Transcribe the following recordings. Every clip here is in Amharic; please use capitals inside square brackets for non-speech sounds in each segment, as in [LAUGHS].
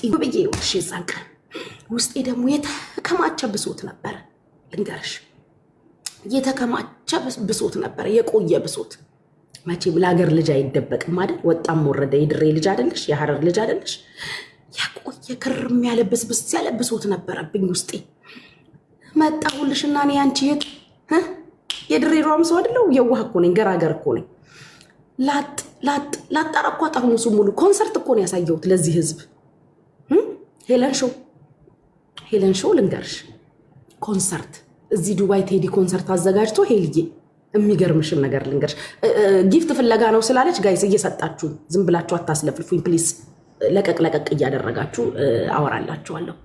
ጥዩ ብዬ ውሽ የዛን ቀን ውስጤ ደግሞ የተከማቸ ብሶት ነበረ። ልንገርሽ የተከማቸ ብሶት ነበረ፣ የቆየ ብሶት። መቼም ለሀገር ልጅ አይደበቅም አይደል? ወጣም ወረደ የድሬ ልጅ አይደለሽ፣ የሀረር ልጅ አይደለሽ። የቆየ ክርም ያለ ብስብስ ያለ ብሶት ነበረብኝ ውስጤ። መጣሁልሽና እኔ አንቺ የት የድሬ ሯም ሰው አይደለው፣ የዋህ እኮ ነኝ፣ ገራገር እኮ ነኝ። ላጥ ላጥ ላጣራ ጠርሙሱ ሙሉ ኮንሰርት እኮ ነው ያሳየሁት ለዚህ ህዝብ ሄለን ሾው ሄለን ሾው ልንገርሽ፣ ኮንሰርት እዚህ ዱባይ ቴዲ ኮንሰርት አዘጋጅቶ ሄልዬ፣ የሚገርምሽን ነገር ልንገርሽ። ጊፍት ፍለጋ ነው ስላለች ጋይስ እየሰጣችሁ ዝም ብላችሁ አታስለፍልፉኝ ፕሊስ። ለቀቅ ለቀቅ እያደረጋችሁ አወራላችኋለሁ።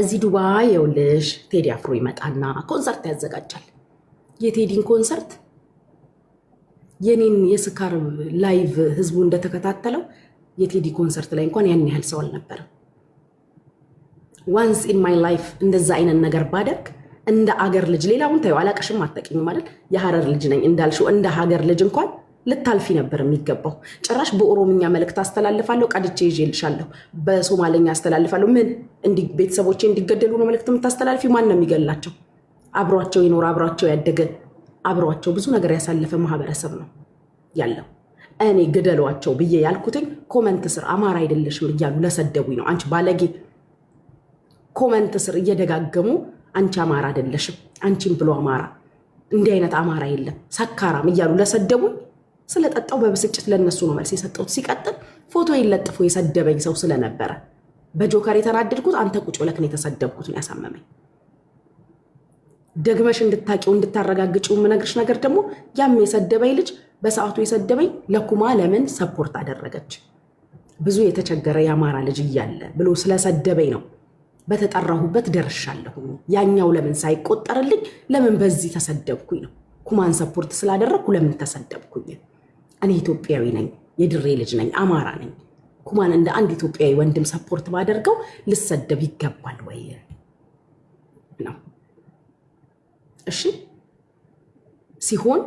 እዚህ ዱባይ የውልሽ ቴዲ አፍሮ ይመጣና ኮንሰርት ያዘጋጃል። የቴዲን ኮንሰርት የኔን የስካር ላይቭ ህዝቡ እንደተከታተለው የቴዲ ኮንሰርት ላይ እንኳን ያን ያህል ሰው አልነበረም። ዋንስ ኢን ማይ ላይፍ እንደዛ አይነት ነገር ባደርግ እንደ አገር ልጅ ሌላውን ታዩ አላቀሽም አታውቂኝም ማለት የሀረር ልጅ ነኝ እንዳልሽው እንደ ሀገር ልጅ እንኳን ልታልፊ ነበር የሚገባው። ጭራሽ በኦሮምኛ መልእክት አስተላልፋለሁ ቀድቼ ይዤልሻለሁ፣ በሶማለኛ አስተላልፋለሁ። ምን እንዲህ ቤተሰቦቼ እንዲገደሉ ነው መልእክት የምታስተላልፊ? ማን ነው የሚገላቸው? አብሯቸው የኖረ አብሯቸው ያደገ አብሯቸው ብዙ ነገር ያሳለፈ ማህበረሰብ ነው ያለው። እኔ ግደሏቸው ብዬ ያልኩትኝ ኮመንት ስር አማራ አይደለሽም እያሉ ለሰደቡኝ ነው። አንቺ ባለጌ ኮመንት ስር እየደጋገሙ አንቺ አማራ አይደለሽም፣ አንቺም ብሎ አማራ እንዲህ አይነት አማራ የለም ሰካራም እያሉ ለሰደቡኝ ስለጠጣው በብስጭት ለነሱ ነው መልስ የሰጠሁት። ሲቀጥል ፎቶ ይለጥፎ የሰደበኝ ሰው ስለነበረ በጆከር የተናደድኩት አንተ ቁጭ ብለህ ነው የተሰደብኩት ነው ያሳመመኝ። ደግመሽ እንድታቂው እንድታረጋግጭው የምነግርሽ ነገር ደግሞ ያም የሰደበኝ ልጅ በሰዓቱ የሰደበኝ ለኩማ ለምን ሰፖርት አደረገች ብዙ የተቸገረ የአማራ ልጅ እያለ ብሎ ስለሰደበኝ ነው በተጠራሁበት ደርሻለሁኝ። ያኛው ለምን ሳይቆጠርልኝ ለምን በዚህ ተሰደብኩኝ ነው። ኩማን ሰፖርት ስላደረግኩ ለምን ተሰደብኩኝ? እኔ ኢትዮጵያዊ ነኝ፣ የድሬ ልጅ ነኝ፣ አማራ ነኝ። ኩማን እንደ አንድ ኢትዮጵያዊ ወንድም ሰፖርት ባደርገው ልሰደብ ይገባል ወይ ነው? እሺ ሲሆን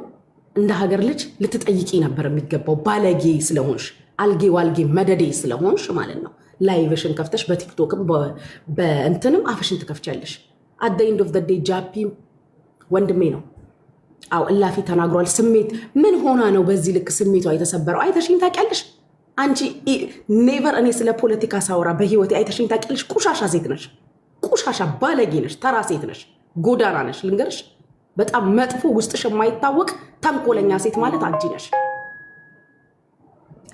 እንደ ሀገር ልጅ ልትጠይቂ ነበር የሚገባው ባለጌ ስለሆንሽ፣ አልጌ ዋልጌ መደዴ ስለሆንሽ ማለት ነው። ላይቭሽን ከፍተሽ በቲክቶክም በእንትንም አፍሽን ትከፍቻለሽ። አደይንድ ኦፍ ዘዴ ጃፒ ወንድሜ ነው። አው እላፊ ተናግሯል። ስሜት ምን ሆና ነው በዚህ ልክ ስሜቷ የተሰበረው? አይተሽኝ ታውቂያለሽ? አንቺ ኔቨር እኔ ስለ ፖለቲካ ሳውራ በህይወቴ አይተሽኝ ታውቂያለሽ? ቁሻሻ ሴት ነሽ፣ ቁሻሻ ባለጌ ነሽ፣ ተራ ሴት ነሽ፣ ጎዳና ነሽ። ልንገርሽ፣ በጣም መጥፎ ውስጥሽ የማይታወቅ ተንኮለኛ ሴት ማለት አንቺ ነሽ።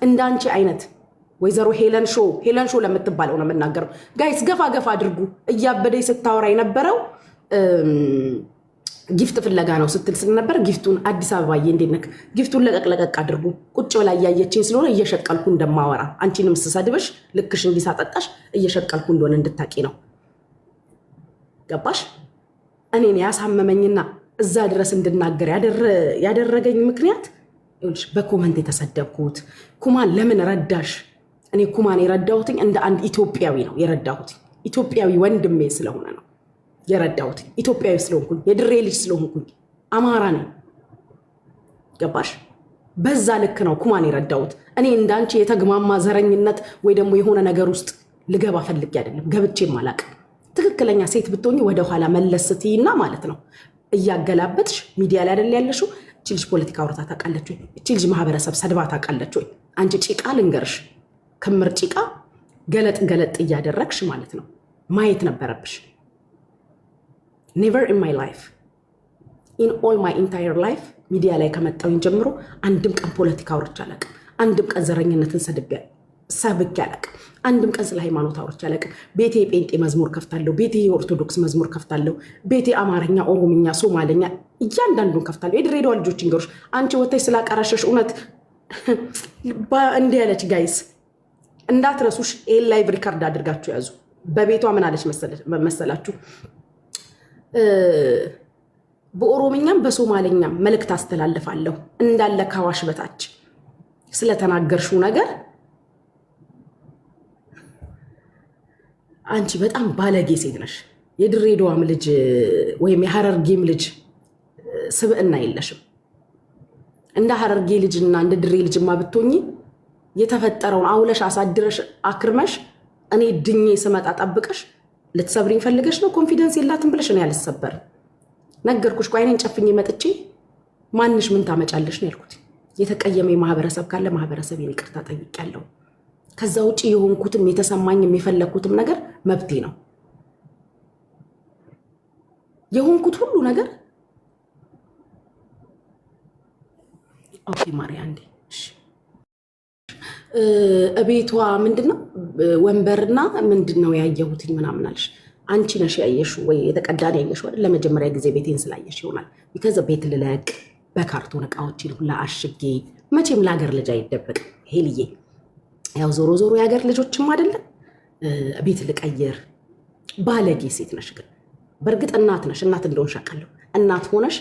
እንዳንቺ አይነት ወይዘሮ ሄለን ሾ ሄለን ሾ ለምትባለው ነው የምናገረው። ጋይስ ገፋ ገፋ አድርጉ። እያበደኝ ስታወራ የነበረው ጊፍት ፍለጋ ነው ስትል ስለነበር ጊፍቱን አዲስ አበባዬ እንዴት ነህ? ጊፍቱን ለቀቅ ለቀቅ አድርጉ። ቁጭ ብላ እያየችኝ ስለሆነ እየሸቀልኩ እንደማወራ አንቺንም ስሰድብሽ ልክሽ እንዲሳ ጠጣሽ እየሸቀልኩ እንደሆነ እንድታቂ ነው። ገባሽ? እኔን ያሳመመኝና እዛ ድረስ እንድናገር ያደረገኝ ምክንያት በኮመንት የተሰደብኩት ኩማ ለምን ረዳሽ እኔ ኩማን የረዳሁትኝ እንደ አንድ ኢትዮጵያዊ ነው የረዳሁትኝ። ኢትዮጵያዊ ወንድሜ ስለሆነ ነው የረዳሁትኝ። ኢትዮጵያዊ ስለሆንኩኝ የድሬ ልጅ ስለሆንኩኝ አማራ ነኝ። ገባሽ? በዛ ልክ ነው ኩማን የረዳሁት። እኔ እንዳንቺ የተግማማ ዘረኝነት ወይ ደግሞ የሆነ ነገር ውስጥ ልገባ ፈልጌ አይደለም፣ ገብቼም አላቅም። ትክክለኛ ሴት ብትሆኝ ወደኋላ መለስ ስትይና ማለት ነው እያገላበጥሽ ሚዲያ ላይ አይደል ያለሽው። እቺ ልጅ ፖለቲካ አውርታ ታውቃለች ወይ? እቺ ልጅ ማህበረሰብ ሰድባ ታውቃለች ወይ? አንቺ ጭቃ ልንገርሽ ክምር ጭቃ ገለጥ ገለጥ እያደረግሽ ማለት ነው ማየት ነበረብሽ። ኔቨር ኢን ማይ ላይፍ ኢን ኦል ማይ ኢንታየር ላይፍ ሚዲያ ላይ ከመጣውኝ ጀምሮ አንድም ቀን ፖለቲካ አውርቼ አላውቅም። አንድም ቀን ዘረኝነትን ሰድቤ ሰብኬ ያለቅ አንድም ቀን ስለ ሃይማኖት አውርቼ አላውቅም። ቤቴ ጴንጤ መዝሙር ከፍታለሁ። ቤቴ የኦርቶዶክስ መዝሙር ከፍታለሁ። ቤቴ አማርኛ፣ ኦሮምኛ፣ ሶማለኛ እያንዳንዱን ከፍታለሁ። የድሬዳዋ ልጆች ንገሮች አንቺ ወታች ስላቀረሸሽ እውነት [LAUGHS] እንዲህ ያለች ጋይስ እንዳትረሱሽ ይህን ላይቭ ሪከርድ አድርጋችሁ ያዙ። በቤቷ ምን አለች መሰላችሁ? በኦሮምኛም በሶማሌኛም መልእክት አስተላልፋለሁ እንዳለ ከዋሽ በታች ስለተናገርሽው ነገር አንቺ በጣም ባለጌ ሴት ነሽ። የድሬዳዋም ልጅ ወይም የሀረርጌም ልጅ ስብዕና የለሽም። እንደ ሀረርጌ ልጅና እንደ ድሬ ልጅማ ብትሆኚ የተፈጠረውን አውለሽ አሳድረሽ አክርመሽ እኔ ድኜ ስመጣ ጠብቀሽ ልትሰብሪኝ ፈልገሽ ነው። ኮንፊደንስ የላትም ብለሽ እኔ አልሰበር ነገርኩሽ። አይኔን ጨፍኜ መጥቼ ማንሽ ምን ታመጫለሽ ነው ያልኩት። የተቀየመ ማህበረሰብ ካለ ማህበረሰብ ይቅርታ ጠይቄያለሁ። ከዛ ውጭ የሆንኩትም የተሰማኝ የፈለግኩትም ነገር መብቴ ነው። የሆንኩት ሁሉ ነገር ኦኬ ማሪያ እንዴ እቤቷ ምንድነው ወንበርና ምንድነው ያየሁትኝ ምናምን አለሽ። አንቺ ነሽ ያየሽ ወይ የተቀዳን ያየሽ? ለመጀመሪያ ጊዜ ቤቴን ስላየሽ ይሆናል። ቢከዛ ቤት ልለቅ በካርቶን እቃዎችን ሁላ አሽጌ መቼም ለሀገር ልጅ አይደበቅም። ሄልዬ ያው ዞሮ ዞሮ የሀገር ልጆችም አይደለም ቤት ልቀይር። ባለጌ ሴት ነሽ ግን በእርግጥ እናት ነሽ። እናት እንደሆንሽ አውቃለሁ። እናት ሆነሽ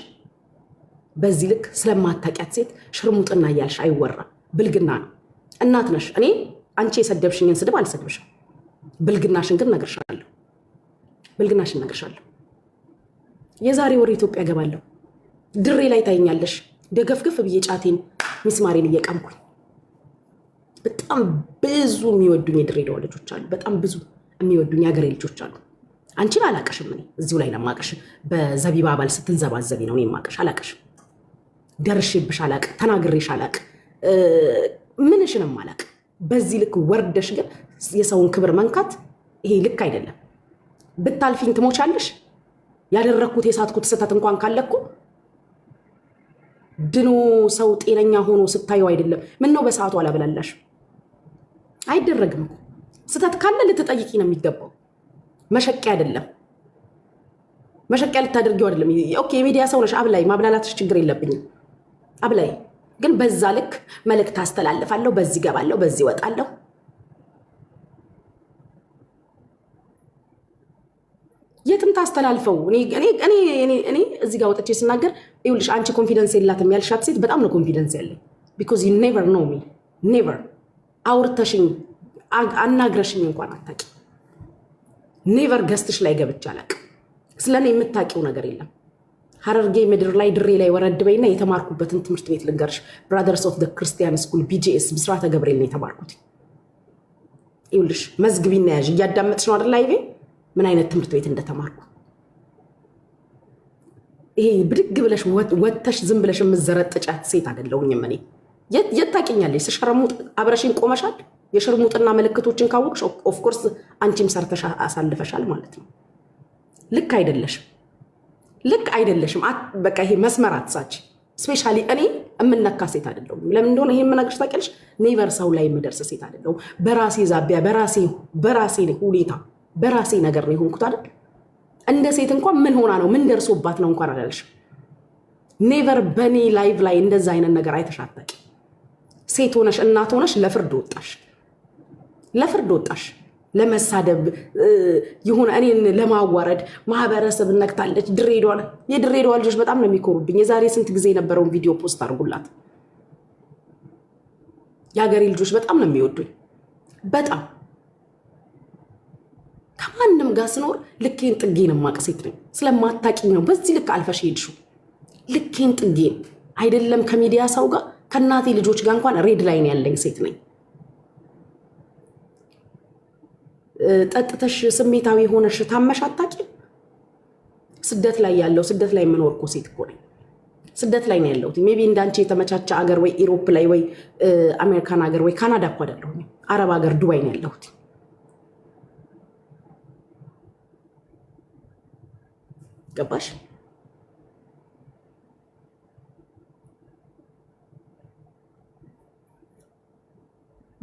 በዚህ ልክ ስለማታውቂያት ሴት ሽርሙጥና እያልሽ አይወራም። ብልግና ነው። እናት ነሽ። እኔ አንቺ የሰደብሽኝን ስድብ አልሰድብሽም። ብልግናሽን ግን እነግርሻለሁ። ብልግናሽን እነግርሻለሁ። የዛሬ ወር ኢትዮጵያ እገባለሁ። ድሬ ላይ ታይኛለሽ። ደገፍግፍ ብዬ ጫቴን ሚስማሬን እየቀምኩኝ በጣም ብዙ የሚወዱኝ የድሬዳዋ ልጆች አሉ። በጣም ብዙ የሚወዱኝ የሀገሬ ልጆች አሉ። አንቺን አላቀሽም። እኔ እዚሁ ላይ ለማቀሽ በዘቢባ አባል ስትንዘባዘቢ ነው እኔ ማቀሽ። አላቀሽም፣ ደርሼብሽ አላቅ፣ ተናግሬሽ አላቅ፣ ምንሽንም አላቅ። በዚህ ልክ ወርደሽ ግን የሰውን ክብር መንካት ይሄ ልክ አይደለም። ብታልፊኝ ትሞቻለሽ። ያደረግኩት የሳትኩት ስህተት እንኳን ካለኩ ድኖ ሰው ጤነኛ ሆኖ ስታየው አይደለም። ምን ነው በሰዓቱ አላበላላሽ አይደረግም። ስህተት ካለ ልትጠይቂ ነው የሚገባው። መሸቂያ አይደለም፣ መሸቂያ ልታደርጊው አይደለም። ኦኬ የሚዲያ ሰው ነሽ፣ አብላይ። ማብላላትሽ ችግር የለብኝም አብላይ ግን በዛ ልክ መልእክት አስተላልፋለሁ። በዚህ ገባለሁ፣ በዚህ ወጣለሁ። የትም ታስተላልፈው። እኔ እዚህ ጋር ወጥቼ ስናገር ይኸውልሽ፣ አንቺ ኮንፊደንስ የላትም ያልሻት ሴት በጣም ነው ኮንፊደንስ ያለኝ። ቢኮዝ ዩ ኔቨር ኖ ሚ ኔቨር አውርተሽኝ አናግረሽኝ እንኳን አታውቂም። ኔቨር ገስትሽ ላይ ገብቼ አላውቅም። ስለ እኔ የምታውቂው ነገር የለም። ሀረርጌ ምድር ላይ ድሬ ላይ ወረድ በይና የተማርኩበትን ትምህርት ቤት ልንገርሽ። ብራደርስ ኦፍ ክርስቲያን ስኩል ቢጂኤስ ብስራተ ገብርኤል ነው የተማርኩት። ይኸውልሽ መዝግቢ ያዥ። እያዳመጥሽ ነው አደላ ይቤ ምን አይነት ትምህርት ቤት እንደተማርኩ ይሄ ብድግ ብለሽ ወተሽ ዝም ብለሽ የምዘረጥጫት ሴት አይደለሁኝም እኔ። የት ታውቂኛለሽ? ስሸርሙጥ አብረሽኝ ቆመሻል። የሽርሙጥና ምልክቶችን ካወቅሽ ኦፍኮርስ አንቺም ሰርተሽ አሳልፈሻል ማለት ነው። ልክ አይደለሽም። ልክ አይደለሽም። በቃ ይሄ መስመር አትሳች። ስፔሻሊ እኔ የምነካ ሴት አይደለሁም። ለምን እንደሆነ ይሄ የምነግርሽ ታውቂያለሽ፣ ኔቨር ሰው ላይ የምደርስ ሴት አይደለሁም። በራሴ ዛቢያ፣ በራሴ ሁኔታ፣ በራሴ ነገር ነው የሆንኩት አይደል? እንደ ሴት እንኳን ምን ሆና ነው ምን ደርሶባት ነው እንኳን አላለሽም። ኔቨር በእኔ ላይቭ ላይ እንደዛ አይነት ነገር አይተሻታቂ። ሴት ሆነሽ እናት ሆነሽ ለፍርድ ወጣሽ፣ ለፍርድ ወጣሽ። ለመሳደብ ይሁን እኔን ለማዋረድ ማህበረሰብ እነክታለች። ድሬዳዋ የድሬዳዋ ልጆች በጣም ነው የሚኮሩብኝ። የዛሬ ስንት ጊዜ የነበረውን ቪዲዮ ፖስት አድርጉላት። የሀገሬ ልጆች በጣም ነው የሚወዱኝ። በጣም ከማንም ጋር ስኖር ልኬን ጥጌን ማቅሴት ነኝ። ስለማታቂኝ ነው በዚህ ልክ አልፈሽ ሄድሽው። ልኬን ጥጌን አይደለም ከሚዲያ ሰው ጋር ከእናቴ ልጆች ጋር እንኳን ሬድ ላይን ያለኝ ሴት ነኝ። ጠጥተሽ ስሜታዊ ሆነሽ ታመሽ አታቂ። ስደት ላይ ያለው ስደት ላይ የምኖር እኮ ሴት እኮ ነኝ። ስደት ላይ ነው ያለሁት። ቢ እንዳንቺ የተመቻቸ አገር ወይ ኢሮፕ ላይ ወይ አሜሪካን ሀገር ወይ ካናዳ እኮ አይደለሁም። አረብ ሀገር ዱባይ ነው ያለሁት። ገባሽ?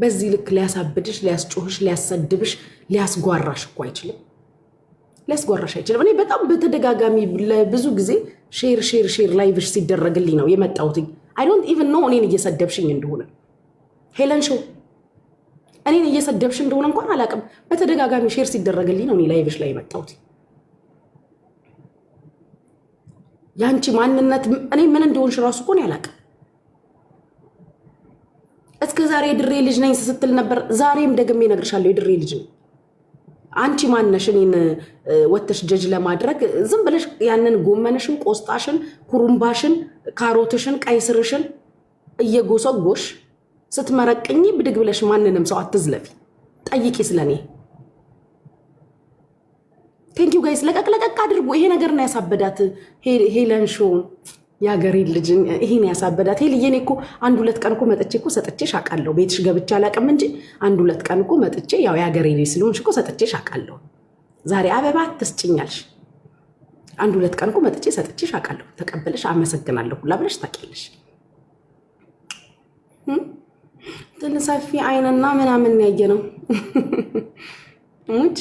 በዚህ ልክ ሊያሳብድሽ፣ ሊያስጮህሽ፣ ሊያሰድብሽ፣ ሊያስጓራሽ እኮ አይችልም። ሊያስጓራሽ አይችልም። እኔ በጣም በተደጋጋሚ ለብዙ ጊዜ ሼር ሼር ሼር ላይቭሽ ሲደረግልኝ ነው የመጣሁትኝ። አይ ዶንት ኢቨን ኖ እኔን እየሰደብሽኝ እንደሆነ ሄለን ሾው እኔን እየሰደብሽ እንደሆነ እንኳን አላውቅም። በተደጋጋሚ ሼር ሲደረግልኝ ነው እኔ ላይቭሽ ላይ የመጣሁት። የአንቺ ማንነት እኔ ምን እንደሆንሽ ራሱ እኮ እኔ አላውቅም። እስከ ዛሬ የድሬ ልጅ ነኝ ስትል ነበር። ዛሬም ደግሜ ነግርሻለሁ፣ የድሬ ልጅ ነኝ። አንቺ ማነሽ እኔን ወተሽ ጀጅ ለማድረግ? ዝም ብለሽ ያንን ጎመንሽን፣ ቆስጣሽን፣ ኩሩምባሽን፣ ካሮትሽን፣ ቀይስርሽን ስርሽን እየጎሰጎሽ ስትመረቅኝ ብድግ ብለሽ ማንንም ሰው አትዝለፊ። ጠይቂ ስለኔ። ቴንኪው ጋይስ። ለቀቅ ለቀቅ አድርጉ። ይሄ ነገር ነው ያሳበዳት ሄለን ሾውን የአገሬ ልጅን ይሄን ያሳበዳት ይሄ ልዬ እኮ አንድ ሁለት ቀን እኮ መጥቼ እኮ ሰጥቼ አውቃለሁ። ቤትሽ ገብቼ አላውቅም እንጂ አንድ ሁለት ቀን እኮ መጥቼ ያው የሀገሬ ልጅ ስለሆንሽ እኮ ሰጥቼ አውቃለሁ። ዛሬ አበባ ትስጭኛልሽ። አንድ ሁለት ቀን እኮ መጥቼ ሰጥቼ አውቃለሁ። ተቀበለሽ አመሰግናለሁ ሁላ ብለሽ ታውቂያለሽ። ሰፊ አይንና ምናምን ያየ ነው [LAUGHS] ሙች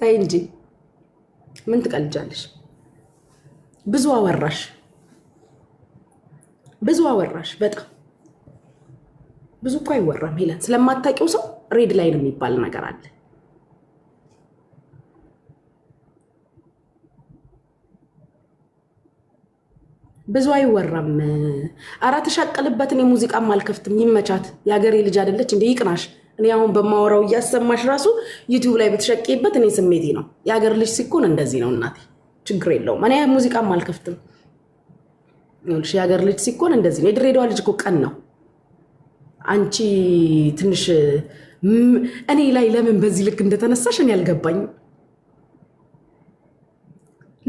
ታይ እንጂ ምን ትቀልጃለሽ? ብዙ አወራሽ። ብዙ አወራሽ። በጣም ብዙ እኮ አይወራም ሄለን። ስለማታውቂው ሰው ሬድ ላይን የሚባል ነገር አለ። ብዙ አይወራም። ኧረ እኔ የሙዚቃም አልከፍትም። ይመቻት። የሀገሬ ልጅ አይደለች እንደ ይቅናሽ። እኔ አሁን በማወራው እያሰማሽ ራሱ ዩቲዩብ ላይ በተሸቄበት እኔ ስሜቴ ነው። የሀገር ልጅ ሲኮን እንደዚህ ነው እናቴ፣ ችግር የለውም። እኔ ሙዚቃም አልከፍትም። ይኸውልሽ የሀገር ልጅ ሲኮን እንደዚህ ነው። የድሬዳዋ ልጅ እኮ ቀን ነው። አንቺ ትንሽ እኔ ላይ ለምን በዚህ ልክ እንደተነሳሽ እኔ አልገባኝም።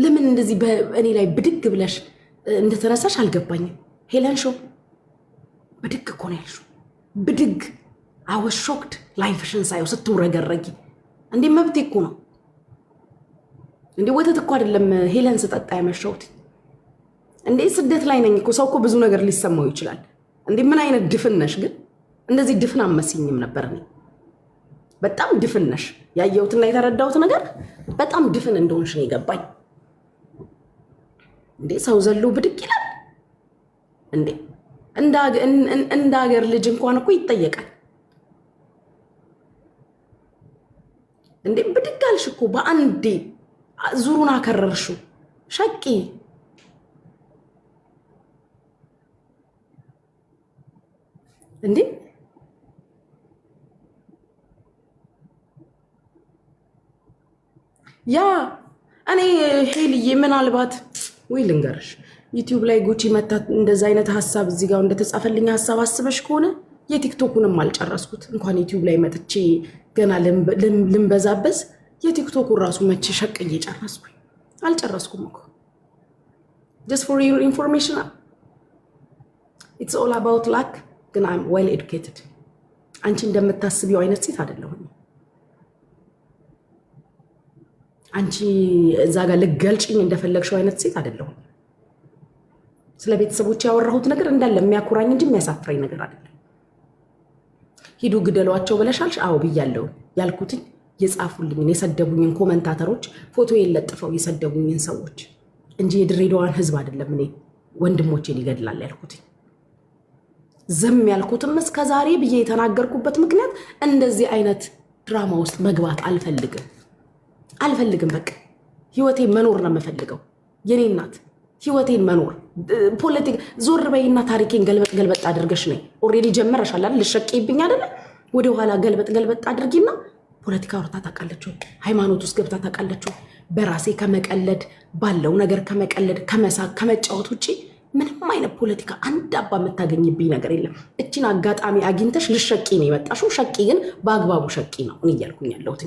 ለምን እንደዚህ እኔ ላይ ብድግ ብለሽ እንደተነሳሽ አልገባኝም። ሄለን ሾ ብድግ እኮ ነው ያልሽው። ብድግ አወዝ ሾክድ ላይፍሽን ሳየው ስትውረገረጊ እንዴ! መብቴ እኮ ነው እንዴ! ወተት እኮ አይደለም ሄለን ስጠጣ ያመሸሁት እንዴ ስደት ላይ ነኝ እኮ። ሰው እኮ ብዙ ነገር ሊሰማው ይችላል። እንዴ ምን አይነት ድፍን ነሽ ግን! እንደዚህ ድፍን አመስኝም ነበር እኔ። በጣም ድፍን ነሽ። ያየሁትና የተረዳሁት ነገር በጣም ድፍን እንደሆንሽ ነው የገባኝ። እንዴ ሰው ዘሎ ብድቅ ይላል እንዴ! እንደ ሀገር ልጅ እንኳን እኮ ይጠየቃል። እንዴ ብድግ አልሽ እኮ በአንዴ ዙሩን አከረርሽው ሸቂ እንዴ ያ እኔ ሄልዬ ምናልባት ወይ ልንገርሽ፣ ዩቲዩብ ላይ ጉቺ መታ እንደዚ አይነት ሀሳብ እዚህ ጋር እንደተጻፈልኝ ሀሳብ አስበሽ ከሆነ የቲክቶኩንም አልጨረስኩት እንኳን ዩቲዩብ ላይ መጥቼ ገና ልንበዛበዝ የቲክቶኩን ራሱ መቼ ሸቅ እየጨረስኩ አልጨረስኩም እኮ ጀስት ፎር ዩር ኢንፎርሜሽን ኢትስ ኦል አባውት ላክ ግን አም ዌል ኤዱኬትድ አንቺ እንደምታስቢው አይነት ሴት አይደለሁም። አንቺ እዛ ጋር ልገልጭኝ እንደፈለግሽው አይነት ሴት አይደለሁም። ስለ ቤተሰቦች ያወራሁት ነገር እንዳለ የሚያኩራኝ እንጂ የሚያሳፍረኝ ነገር አይደለም። ሂዱ ግደሏቸው ብለሻል። አዎ ብያለሁ። ያልኩትኝ የጻፉልኝን የሰደቡኝን ኮመንታተሮች ፎቶ የለጥፈው የሰደቡኝን ሰዎች እንጂ የድሬዳዋን ህዝብ አይደለም እኔ ወንድሞቼ ሊገድላል ያልኩትኝ ዝም ያልኩትም እስከ ዛሬ ብዬ የተናገርኩበት ምክንያት እንደዚህ አይነት ድራማ ውስጥ መግባት አልፈልግም አልፈልግም። በቃ ህይወቴን መኖር ነው የምፈልገው። የኔ እናት ህይወቴን መኖር ፖለቲካ ዞር በይና ታሪኬን ገልበጥ ገልበጥ አድርገሽ ነኝ። ኦልሬዲ ጀመረሻል አይደል? ልሸቅይብኝ አይደለ? ወደኋላ ገልበጥ ገልበጥ አድርጊና ፖለቲካ ወርታ ታውቃለች ወይ? ሃይማኖት ውስጥ ገብታ ታውቃለች ወይ? በራሴ ከመቀለድ ባለው ነገር ከመቀለድ ከመሳቅ ከመጫወት ውጭ ምንም አይነት ፖለቲካ አንድ አባ የምታገኝብኝ ነገር የለም። እችን አጋጣሚ አግኝተሽ ልሸቂ ነው የመጣሽው። ሸቂ ግን በአግባቡ ሸቂ ነው እያልኩኝ ያለሁት።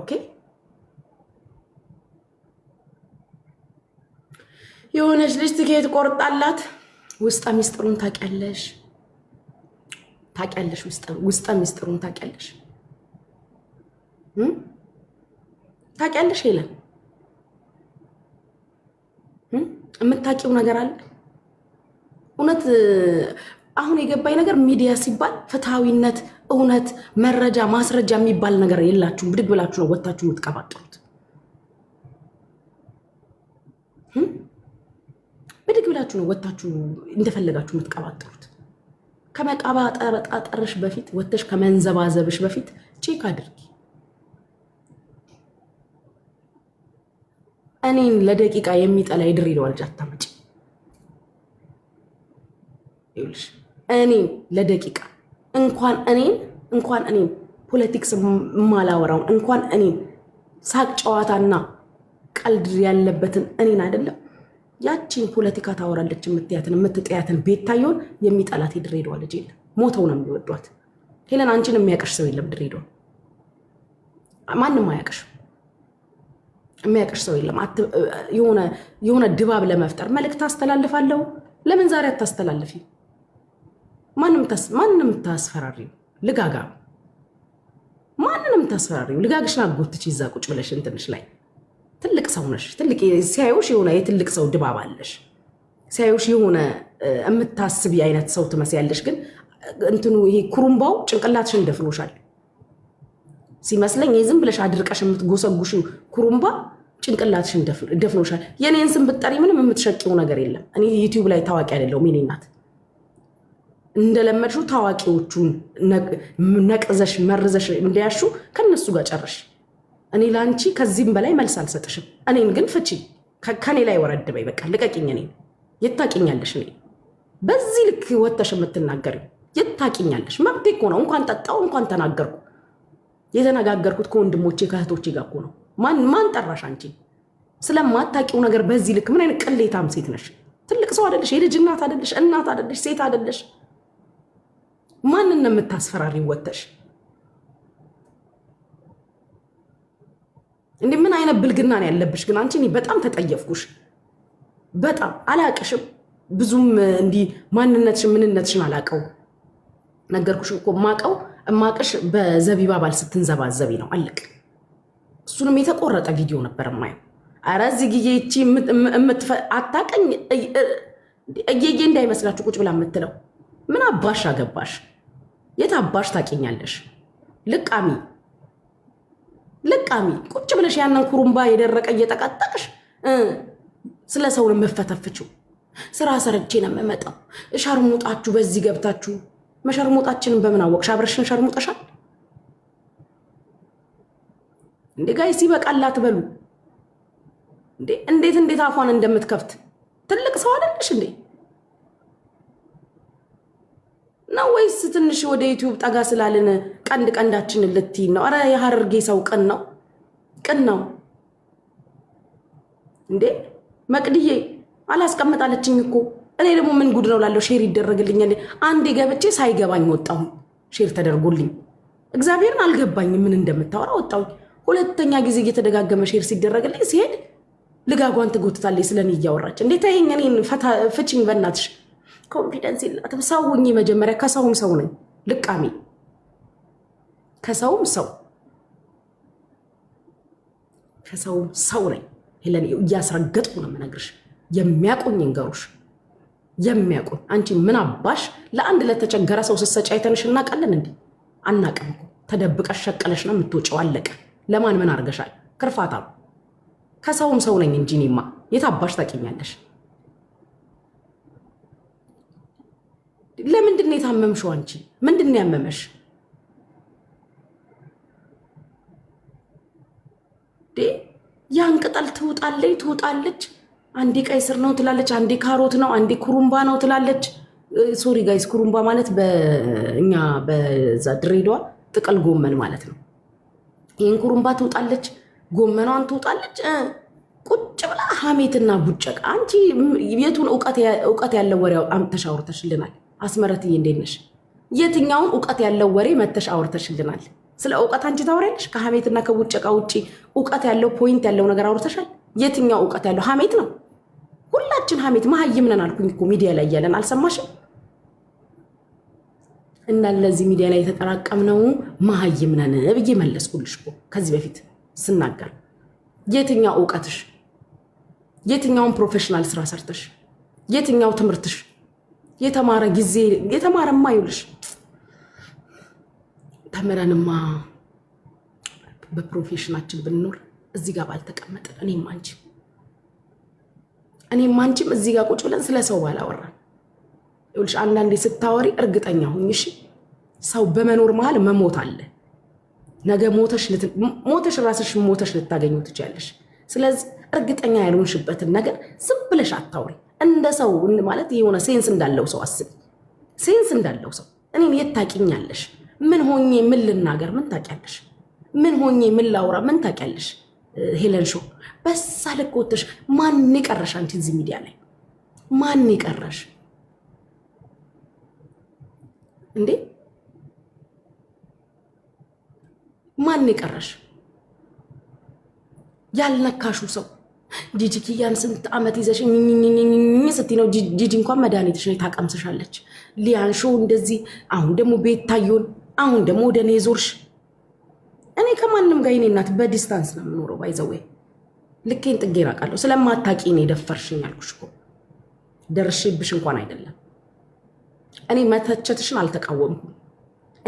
ኦኬ የሆነች ልጅ ትኬት ቆርጣላት። ውስጠ ሚስጥሩን ታውቂያለሽ፣ ታውቂያለሽ። ውስጠ ሚስጥሩን ታውቂያለሽ፣ ታውቂያለሽ የለም የምታውቂው ነገር አለ። እውነት አሁን የገባኝ ነገር ሚዲያ ሲባል ፍትሐዊነት፣ እውነት፣ መረጃ፣ ማስረጃ የሚባል ነገር የላችሁም። ብድግ ብላችሁ ነው ወታችሁ የምትቀባጥሩት። ብድግ ብላችሁ ነው ወታችሁ እንደፈለጋችሁ የምትቀባጥሩት። ከመቀባጠርሽ በፊት ወተሽ ከመንዘባዘብሽ በፊት ቼክ አድርጊ። እኔን ለደቂቃ የሚጠላ የድሬዳዋ ልጅ አታመጪ። እኔን ለደቂቃ እንኳን እኔን እንኳን እኔን ፖለቲክስ የማላወራውን እንኳን እኔን ሳቅ ጨዋታና ቀልድ ያለበትን እኔን አይደለም ያቺን ፖለቲካ ታወራለች የምትያትን የምትጠያትን ቤታየውን የሚጠላት የድሬዳዋ ልጅ የለም። ሞተው ነው የሚወዷት። ሄለን አንቺን የሚያቀሽ ሰው የለም ድሬዳዋ፣ ማንም አያቀሽ። የሚያቅሽ ሰው የለም። የሆነ ድባብ ለመፍጠር መልእክት አስተላልፋለሁ። ለምን ዛሬ አታስተላልፊ? ማንም ታስፈራሪው ልጋጋ፣ ማንንም ታስፈራሪው ልጋግሽን አጎትች ይዛ ቁጭ ብለሽን ትንሽ ላይ ትልቅ ሰው ነሽ። ትልቅ ሲያዩሽ የሆነ የትልቅ ሰው ድባብ አለሽ። ሲያዩሽ የሆነ የምታስቢ አይነት ሰው ትመስያለሽ። ግን እንትኑ ይሄ ኩሩምባው ጭንቅላትሽን ደፍኖሻል። ሲመስለኝ የዝም ብለሽ አድርቀሽ የምትጎሰጉሽው ኩሩምባ ጭንቅላትሽን ደፍኖሻል። የኔን ስም ብጠሪ ምንም የምትሸቂው ነገር የለም። እኔ ዩቲዩብ ላይ ታዋቂ አይደለሁም። የኔ እናት እንደለመድሽው ታዋቂዎቹን ነቅዘሽ መርዘሽ እንዲያሹ ከነሱ ጋር ጨረሽ። እኔ ለአንቺ ከዚህም በላይ መልስ አልሰጥሽም። እኔን ግን ፍቺ፣ ከኔ ላይ ወረድ በይ። በቃ ልቀቂኝ። እኔ የታቂኛለሽ። እኔ በዚህ ልክ ወተሽ የምትናገር የታቂኛለሽ። መብቴ እኮ ነው። እንኳን ጠጣው እንኳን ተናገርኩ የተነጋገርኩት ከወንድሞቼ ከእህቶቼ ጋር እኮ ነው። ማን ጠራሽ አንቺ? ስለማታውቂው ነገር በዚህ ልክ ምን አይነት ቅሌታም ሴት ነሽ? ትልቅ ሰው አደለሽ፣ የልጅ እናት አደለሽ፣ እናት አደለሽ፣ ሴት አደለሽ። ማንን የምታስፈራሪ ወተሽ? እንዲ ምን አይነት ብልግና ነው ያለብሽ? ግን አንቺ በጣም ተጠየፍኩሽ። በጣም አላቅሽም። ብዙም እንዲህ ማንነትሽን ምንነትሽን አላቀው። ነገርኩሽ እኮ ማቀው እማቅሽ በዘቢባ ባል ስትንዘባዘቢ ነው። አለቅ እሱንም የተቆረጠ ቪዲዮ ነበር ማየው። ኧረ እዚህ ጊዜ ይቺ አታቀኝ እየጌ እንዳይመስላችሁ ቁጭ ብላ የምትለው ምን አባሽ አገባሽ? የት አባሽ ታውቂኛለሽ? ልቃሚ ልቃሚ ቁጭ ብለሽ ያንን ኩሩምባ የደረቀ እየጠቃጠቅሽ ስለ ሰውን የምፈተፍችው ስራ ሰርቼ ነው የምመጣው። ሙጣችሁ በዚህ ገብታችሁ መሸርሙጣችንን በምን አወቅሽ? አብረሽን ሸርሙጠሻል እንዴ? ጋይ ይበቃል አትበሉ እንዴ? እንዴት እንዴት አፏን እንደምትከፍት ትልቅ ሰው አይደለሽ እንዴ? ነው ወይስ ትንሽ ወደ ዩቲዩብ ጠጋ ስላልን ቀንድ ቀንዳችንን ልትይ ነው? አረ የሀረርጌ ሰው ቅን ነው ቅን ነው እንዴ? መቅድዬ አላስቀምጣለችኝ እኮ እኔ ደግሞ ምን ጉድ ነው ላለው ሼር ይደረግልኛል። አንዴ ገብቼ ሳይገባኝ ወጣሁ፣ ሼር ተደርጎልኝ እግዚአብሔርን አልገባኝ ምን እንደምታወራ ወጣሁ። ሁለተኛ ጊዜ እየተደጋገመ ሼር ሲደረግልኝ ሲሄድ ልጋጓን ትጎትታለች ስለኔ እያወራች እንዴት ይሄኝ እኔን ፍቺኝ በእናትሽ። ኮንፊደንስ የላትም። ሰውኝ መጀመሪያ ከሰውም ሰው ነኝ ልቃሜ ከሰውም ሰው ከሰውም ሰው ነኝ ሄለን፣ እያስረገጥኩ ነው የምነግርሽ። የሚያቆኝ እንገሩሽ የሚያውቁን አንቺ ምን አባሽ ለአንድ ለተቸገረ ሰው ስትሰጪ አይተንሽ እናውቃለን እንዴ? አናቀም ተደብቀሽ ሸቀለሽ ነው የምትወጪው። አለቀ። ለማን ምን አርገሻል? ክርፋታ ከሰውም ሰው ነኝ እንጂ እኔማ የት አባሽ ታውቂኛለሽ? ለምንድን ነው የታመምሽው? አንቺ ምንድን ያመመሽ? ያን ቅጠል ትውጣለች ትውጣለች አንዴ ቀይ ስር ነው ትላለች፣ አንዴ ካሮት ነው፣ አንዴ ኩሩምባ ነው ትላለች። ሶሪ ጋይስ ኩሩምባ ማለት በእኛ በዛ ድሬዳዋ ጥቅል ጎመን ማለት ነው። ይህን ኩሩምባ ትውጣለች፣ ጎመኗን ትውጣለች። ቁጭ ብላ ሀሜትና ቡጨቅ። አንቺ የቱን እውቀት ያለው ወሬ አምጥተሽ አውርተሽልናል? አስመረትዬ እንዴት ነሽ? የትኛውን እውቀት ያለው ወሬ መተሽ አውርተሽልናል? ስለ እውቀት አንቺ ታወሪያለሽ? ከሀሜትና ከቡጨቃ ውጭ እውቀት ያለው ፖይንት ያለው ነገር አውርተሻል? የትኛው እውቀት ያለው ሀሜት ነው። ሁላችን ሀሜት መሀይም ነን አልኩኝ እኮ ሚዲያ ላይ እያለን አልሰማሽም? እንዳለዚህ ሚዲያ ላይ የተጠራቀምነው መሀይም ነን ብዬ መለስኩልሽ እኮ ከዚህ በፊት ስናገር። የትኛው እውቀትሽ፣ የትኛውን ፕሮፌሽናል ስራ ሰርተሽ፣ የትኛው ትምህርትሽ የተማረ ጊዜ የተማረማ ይውልሽ ተምረንማ በፕሮፌሽናችን ብንኖር እዚህ ጋር ባልተቀመጥን እኔም አንቺም እኔም አንቺም እዚህ ጋር ቁጭ ብለን ስለ ሰው ባላወራን። ይኸውልሽ አንዳንዴ ስታወሪ እርግጠኛ እሺ። ሰው በመኖር መሀል መሞት አለ። ነገ ሞተሽ ራስሽ ሞተሽ ልታገኙ ትችያለሽ። ስለዚህ እርግጠኛ ያልሆንሽበትን ነገር ዝም ብለሽ አታውሪ። እንደ ሰው ማለት የሆነ ሴንስ እንዳለው ሰው አስቢ። ሴንስ እንዳለው ሰው እኔን የት ታውቂኛለሽ? ምን ሆኜ ምን ልናገር? ምን ታውቂያለሽ? ምን ሆኜ ምን ላውራ? ምን ታውቂያለሽ? ሄለን ሾ በዛ ልክ ወጥተሽ ማን ቀረሽ? አንቺ እዚህ ሚዲያ ላይ ማን ቀረሽ እንዴ? ማን ቀረሽ? ያልነካሹ ሰው ጂጂ ስንት ዓመት ይዘሽ ስቲ ነው። ጂጂ እንኳን መድኃኒትሽን ታቀምስሻለች። ሊያንሾ እንደዚህ አሁን ደግሞ ቤት ታየውን አሁን ደግሞ ወደ እኔ ዞርሽ። እኔ ከማንም ጋር የእኔ እናት በዲስታንስ ነው የምኖረው። ባይዘዌ ልኬን ጥጌን አውቃለሁ። ስለማታቂ እኔ ደፈርሽኝ ያልኩሽ እኮ ደርሽብሽ እንኳን አይደለም። እኔ መተቸትሽን አልተቃወምኩም።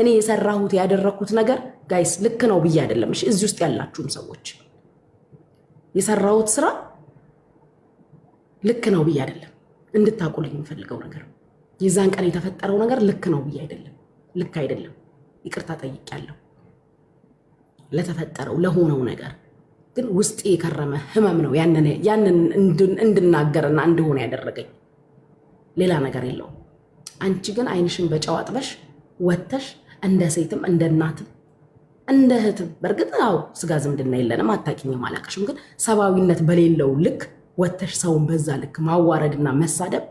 እኔ የሰራሁት ያደረግኩት ነገር ጋይስ ልክ ነው ብዬ አይደለም። እሺ እዚህ ውስጥ ያላችሁም ሰዎች የሰራሁት ስራ ልክ ነው ብዬ አይደለም። እንድታቁል የምፈልገው ነገር የዛን ቀን የተፈጠረው ነገር ልክ ነው ብዬ አይደለም። ልክ አይደለም። ይቅርታ ጠይቄያለሁ። ለተፈጠረው ለሆነው ነገር ግን ውስጤ የከረመ ህመም ነው ያንን እንድናገርና እንደሆነ ያደረገኝ ሌላ ነገር የለውም። አንቺ ግን አይንሽን በጨው አጥበሽ ወተሽ እንደ ሴትም እንደ እናትም እንደ እህትም በእርግጥ ው ስጋ ዝምድና የለንም፣ አታውቂኝም፣ አላውቅሽም። ግን ሰብአዊነት በሌለው ልክ ወተሽ ሰውን በዛ ልክ ማዋረድና መሳደብ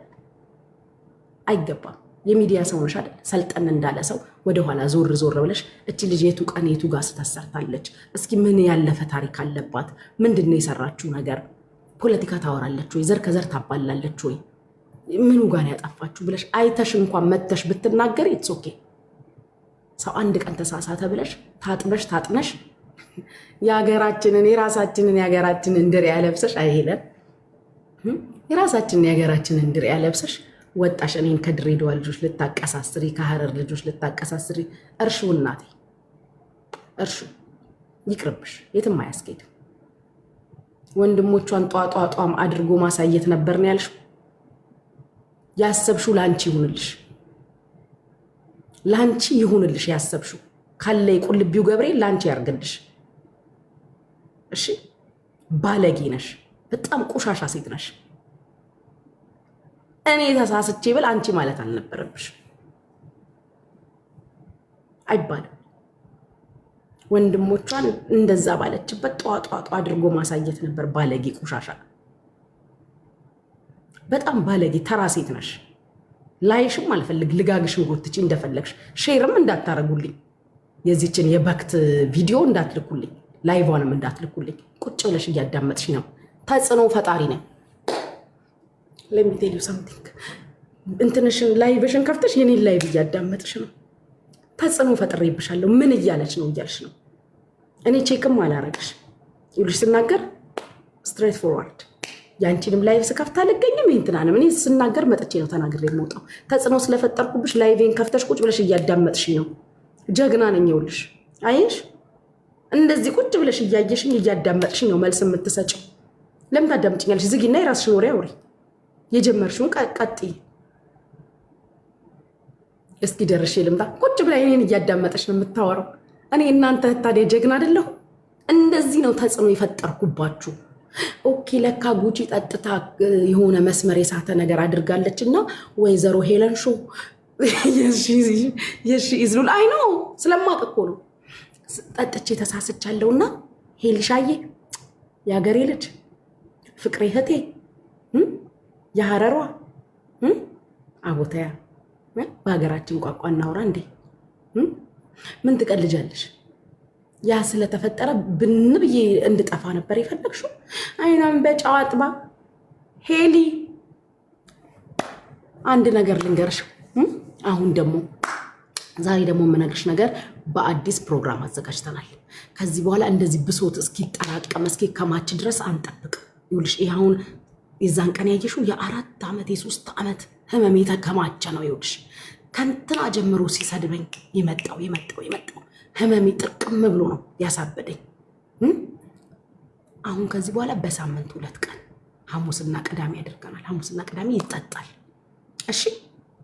አይገባም። የሚዲያ ሰው ነሽ አይደል? ሰልጠን እንዳለ ሰው ወደኋላ ዞር ዞር ብለሽ እቺ ልጅ የቱ ቀን የቱ ጋር ስተሰርታለች? እስኪ ምን ያለፈ ታሪክ አለባት? ምንድን የሰራችው ነገር? ፖለቲካ ታወራለች ወይ? ዘር ከዘር ታባላለች ወይ? ምኑ ጋር ያጠፋችሁ ብለሽ አይተሽ እንኳን መተሽ ብትናገር ኢትስ ኦኬ። ሰው አንድ ቀን ተሳሳተ ብለሽ ታጥበሽ ታጥነሽ የሀገራችንን የራሳችንን የሀገራችንን ድሪያ ለብሰሽ አይሄለን የራሳችንን የሀገራችንን ድሪያ ለብሰሽ ወጣሽ እኔን ከድሬዳዋ ልጆች ልታቀሳስሪ፣ ከሀረር ልጆች ልታቀሳስሪ። እርሹ እናቴ እርሹ ይቅርብሽ፣ የትም አያስኬድም። ወንድሞቿን ጧጧጧም አድርጎ ማሳየት ነበር ነው ያልሽው። ያሰብሹ ለአንቺ ይሁንልሽ፣ ለአንቺ ይሁንልሽ። ያሰብሹ ካለ የቁልቢው ገብሬ ለአንቺ ያርግልሽ። እሺ፣ ባለጌ ነሽ፣ በጣም ቆሻሻ ሴት ነሽ። እኔ ተሳስቼ ብል አንቺ ማለት አልነበረብሽ አይባልም። ወንድሞቿን እንደዛ ባለችበት ጠዋጧጧ አድርጎ ማሳየት ነበር። ባለጌ ቆሻሻ፣ በጣም ባለጌ ተራ ሴት ነሽ። ላይሽም አልፈልግ ልጋግሽን ጎትች እንደፈለግሽ ሼርም እንዳታረጉልኝ የዚችን የበክት ቪዲዮ እንዳትልኩልኝ ላይቫንም እንዳትልኩልኝ። ቁጭ ብለሽ እያዳመጥሽ ነው። ተጽዕኖ ፈጣሪ ነኝ። ለሚቴል ዩ ሳምቲንግ እንትንሽን ላይቭሽን ከፍተሽ የኔን ላይቭ እያዳመጥሽ ነው። ተጽዕኖ ፈጥሬብሻለሁ። ምን እያለች ነው እያልሽ ነው። እኔ ቼክም አላረግሽ ይሉሽ ስናገር ስትሬት ፎርዋርድ የአንቺንም ላይቭ ስከፍት አልገኝም። ይህንትናንም እኔ ስናገር መጥቼ ነው ተናግሬ የምወጣው። ተጽዕኖ ስለፈጠርኩብሽ ላይቬን ከፍተሽ ቁጭ ብለሽ እያዳመጥሽ ነው። ጀግና ነኝ ይውልሽ። አየሽ፣ እንደዚህ ቁጭ ብለሽ እያየሽኝ እያዳመጥሽ ነው መልስ የምትሰጭው። ለምን ታዳምጭኛለሽ? ዝጊና የራስሽን ወሬ አውሪ። የጀመርሽውን ቀጥ እስኪ ደርሼ ልምጣ። ቁጭ ብላ እኔን እያዳመጠች ነው የምታወራው። እኔ እናንተ ታዲያ ጀግና አይደለሁ? እንደዚህ ነው ተጽዕኖ የፈጠርኩባችሁ። ኦኬ ለካ ጉቺ ጠጥታ የሆነ መስመር የሳተ ነገር አድርጋለች እና ወይዘሮ ሄለን ሾ የሺ ይዝሉል አይ ነው ስለማቅ እኮ ነው ጠጥቼ ተሳስቻለሁ። እና ሄልሻዬ፣ የአገሬ ልጅ፣ ፍቅሬ እህቴ የሀረሯ አቦታያ በሀገራችን ቋንቋ እናውራ እንዴ ምን ትቀልጃለሽ? ያ ስለተፈጠረ ብን ብዬ እንድጠፋ ነበር የፈለግሽው? አይናም በጨው አጥባ ሄሊ፣ አንድ ነገር ልንገርሽ። አሁን ደግሞ ዛሬ ደግሞ የምነግርሽ ነገር በአዲስ ፕሮግራም አዘጋጅተናል። ከዚህ በኋላ እንደዚህ ብሶት እስኪጠራቀም እስኪከማች ድረስ አንጠብቅ። ይኸውልሽ ይህ አሁን የዛን ቀን ያየሽው የአራት ዓመት የሶስት ዓመት ህመም የተከማቸ ነው። ይኸውልሽ ከንትና ጀምሮ ሲሰድበኝ የመጣው የመጣው የመጣው ህመም ጥርቅም ብሎ ነው ያሳበደኝ። አሁን ከዚህ በኋላ በሳምንት ሁለት ቀን ሐሙስና ቅዳሜ ያደርገናል። ሐሙስና ቅዳሜ ይጠጣል። እሺ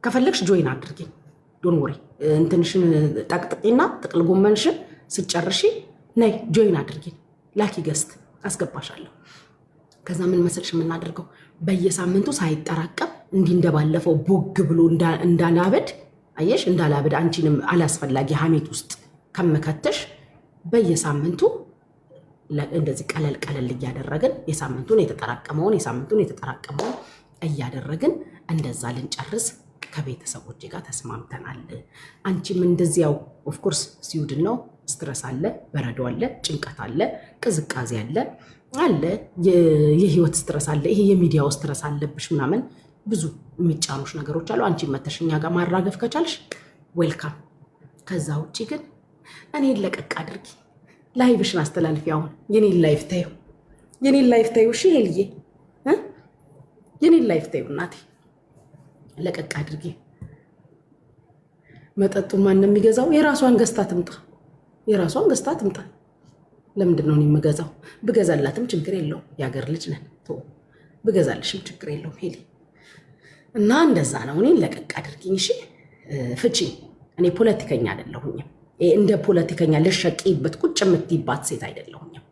ከፈለግሽ ጆይን አድርጊኝ። ዶን ወሬ እንትንሽን ጠቅጥቂና ጥቅል ጎመንሽን ስጨርሺ ነይ ጆይን አድርጊኝ። ላኪ ገስት አስገባሻለሁ። ከዛ ምን መሰልሽ የምናደርገው በየሳምንቱ ሳይጠራቀም እንዲህ እንደባለፈው ቦግ ብሎ እንዳላበድ አየሽ፣ እንዳላበድ አንቺንም አላስፈላጊ ሀሜት ውስጥ ከምከተሽ በየሳምንቱ እንደዚህ ቀለል ቀለል እያደረግን የሳምንቱን የተጠራቀመውን የሳምንቱን የተጠራቀመውን እያደረግን እንደዛ ልንጨርስ ከቤተሰቦች ጋር ተስማምተናል። አንቺም እንደዚያው ኦፍኮርስ ሲውድን ነው፣ ስትረስ አለ፣ በረዶ አለ፣ ጭንቀት አለ፣ ቅዝቃዜ አለ። አለ የህይወት ስትረስ አለ፣ ይሄ የሚዲያው ስትረስ አለብሽ ምናምን ብዙ የሚጫኑሽ ነገሮች አሉ። አንቺ መተሽ እኛ ጋር ማራገፍ ከቻልሽ ዌልካም። ከዛ ውጭ ግን እኔን ለቀቅ አድርጊ። ላይቭሽን አስተላልፊ። አሁን የኔን ላይፍ ታዩ፣ የኔን ላይፍ ታዩ። እሺ ሄልዬ፣ የኔን ላይፍ ታዩ። እናቴ ለቀቅ አድርጊ። መጠጡን ማን ነው የሚገዛው? የራሷን ገዝታ ትምጣ፣ የራሷን ገዝታ ትምጣ። ለምንድን ነው እኔ የምገዛው? ብገዛላትም ችግር የለውም የሀገር ልጅ ነን። ብገዛልሽም ችግር የለውም ሄሊ እና እንደዛ ነው። እኔን ለቀቅ አድርጊኝ፣ እሺ ፍቺ። እኔ ፖለቲከኛ አይደለሁኝም። እንደ ፖለቲከኛ ልሸቅይበት ቁጭ የምትይባት ሴት አይደለሁኝም፣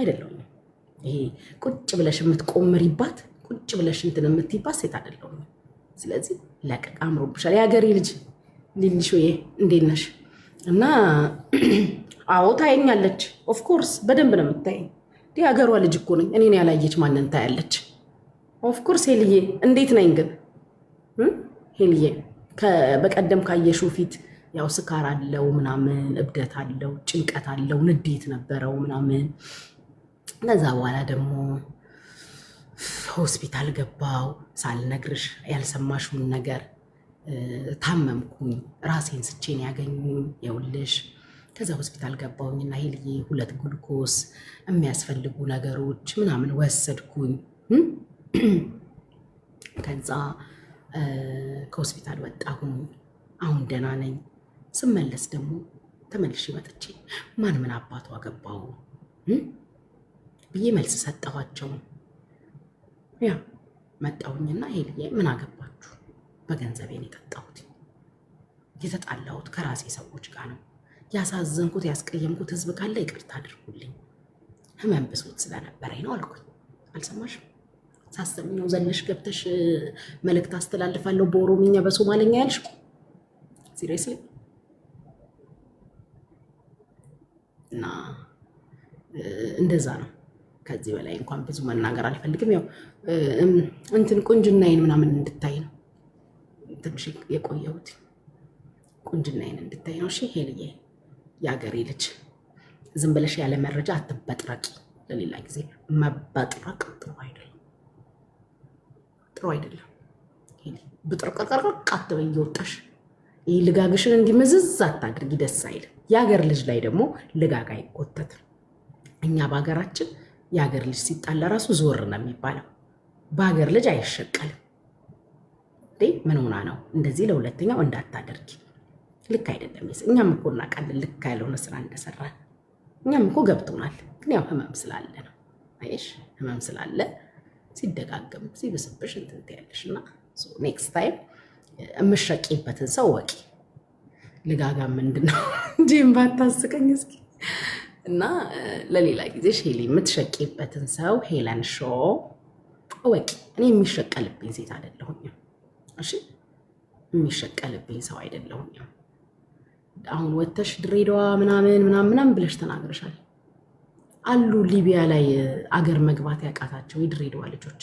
አይደለሁኝም። ይሄ ቁጭ ብለሽ የምትቆምሪባት ቁጭ ብለሽ እንትን የምትይባት ሴት አይደለሁኝም። ስለዚህ ለቀቅ፣ አምሮብሻል የሀገር ልጅ ሊልሽ። እንዴት ነሽ? እና አዎ ታየኛለች። ኦፍኮርስ በደንብ ነው የምታየኝ። ዲ ሀገሯ ልጅ እኮ ነኝ። እኔን ያላየች ማንን ታያለች? ኦፍኮርስ ሄልዬ፣ እንዴት ነኝ ግን ሄልዬ? በቀደም ካየሽው ፊት ያው ስካር አለው ምናምን፣ እብደት አለው፣ ጭንቀት አለው፣ ንዴት ነበረው ምናምን። ከዛ በኋላ ደግሞ ሆስፒታል ገባው ሳልነግርሽ ያልሰማሽውን ነገር ታመምኩኝ፣ ራሴን ስቼን ያገኙ የውልሽ ከዛ ሆስፒታል እና ሄልዬ ሁለት ጉልኮስ የሚያስፈልጉ ነገሮች ምናምን ወሰድኩኝ። ከዛ ከሆስፒታል ወጣሁኝ። አሁን ደህና ነኝ። ስመለስ ደግሞ ተመልሼ መጥቼ ማን ምን አባቷ ገባው ብዬ መልስ ሰጠኋቸው። ያ መጣሁኝና ሄልዬ ምን አገባችሁ? በገንዘቤን የጠጣሁት የተጣላሁት ከራሴ ሰዎች ጋር ነው። ያሳዘንኩት ያስቀየምኩት ህዝብ ካለ ይቅርታ አድርጉልኝ፣ ህመም ብሶት ስለነበረኝ ነው አልኩኝ። አልሰማሽም? ሳሰሚኛው ዘለሽ ገብተሽ መልእክት አስተላልፋለሁ በኦሮምኛ በሶማለኛ ያልሽ ሲሪየስሊ እና እንደዛ ነው። ከዚህ በላይ እንኳን ብዙ መናገር አልፈልግም። ያው እንትን ቁንጅናዬን ምናምን እንድታይ ነው ትንሽ የቆየሁት ቁንጅናዬን እንድታይ ነው። እሺ ሄልዬ የአገሬ ልጅ ዝም ብለሽ ያለ መረጃ አትበጥረቂ። ለሌላ ጊዜ መበጥረቅ ጥሩ አይደለም፣ ጥሩ አይደለም። ብጥርቅርቅርቅ አትበይ። እየወጣሽ ይህ ልጋግሽን እንዲመዝዝ አታድርጊ፣ ደስ አይልም። የአገር ልጅ ላይ ደግሞ ልጋግ አይጎተትም። እኛ በሀገራችን የአገር ልጅ ሲጣላ ራሱ ዞር ነው የሚባለው። በሀገር ልጅ አይሸቀልም። ምን ሆና ነው እንደዚህ? ለሁለተኛው እንዳታደርጊ ልክ አይደለም። እኛም እኮ እናውቃለን ልክ ያልሆነ ስራ እንደሰራን። እኛም እኮ ገብቶናል፣ ግን ያው ህመም ስላለ ነው። አየሽ፣ ህመም ስላለ ሲደጋገም ሲብስብሽ እንትን ትያለሽ። እና ኔክስት ታይም የምትሸቂበትን ሰው ወቂ። ልጋጋ ምንድን ነው [LAUGHS] እንጂ ባታስቀኝ እስኪ። እና ለሌላ ጊዜ ሼሊ የምትሸቂበትን ሰው ሄለን ሾ ወቂ። እኔ የሚሸቀልብኝ ሴት አይደለሁኝም። እሺ የሚሸቀልብኝ ሰው አይደለሁኝም። አሁን ወተሽ ድሬዳዋ ምናምን ምናምን ምናምን ብለሽ ተናግረሻል። አሉ ሊቢያ ላይ አገር መግባት ያቃታቸው የድሬዳዋ ልጆች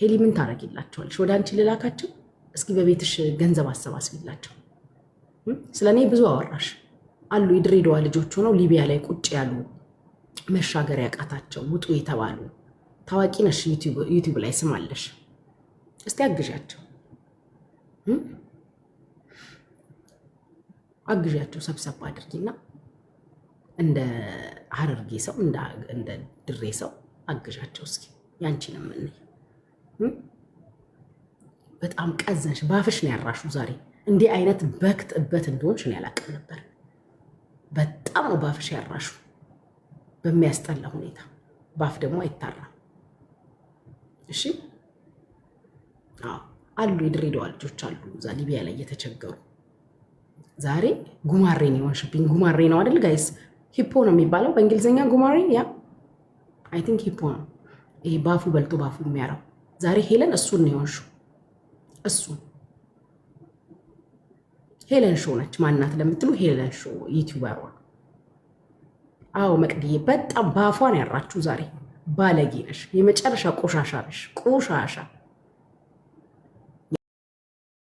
ሄሊ ምን ታደርጊላቸዋለሽ? ወደ አንቺ ልላካቸው? እስኪ በቤትሽ ገንዘብ አሰባስቢላቸው። ስለ እኔ ብዙ አወራሽ። አሉ የድሬዳዋ ልጆች ሆነው ሊቢያ ላይ ቁጭ ያሉ መሻገር ያቃታቸው ውጡ የተባሉ ታዋቂ ነሽ፣ ዩቲዩብ ላይ ስም አለሽ። እስቲ አግዣቸው። አግዣቸው ሰብሰብ አድርጊና እንደ ሀረርጌ ሰው እንደ ድሬ ሰው አግዣቸው እስኪ ያንቺን ምን በጣም ቀዘንሽ ባፍሽ ነው ያራሹ ዛሬ እንዲህ አይነት በክት እበት እንደሆንሽ እኔ ነበር በጣም ነው ባፍሽ ያራሹ በሚያስጠላ ሁኔታ ባፍ ደግሞ አይታራም እሺ አሉ የድሬዳዋ ልጆች አሉ እዛ ሊቢያ ላይ እየተቸገሩ ዛሬ ጉማሬ ነው የዋሽብኝ። ጉማሬ ነው አይደል ጋይስ? ሂፖ ነው የሚባለው በእንግሊዝኛ ጉማሬ። ያ አይ ቲንክ ሂፖ ነው ይሄ ባፉ በልቶ ባፉ የሚያረው። ዛሬ ሄለን እሱን ነው የዋሹ። እሱ ሄለን ሾ ነች። ማናት ለምትሉ ሄለን ሾ ዩቲዩበሯ። አዎ መቅድዬ በጣም ባፏን ያራችሁ ዛሬ። ባለጌ ነሽ፣ የመጨረሻ ቆሻሻ ነሽ፣ ቆሻሻ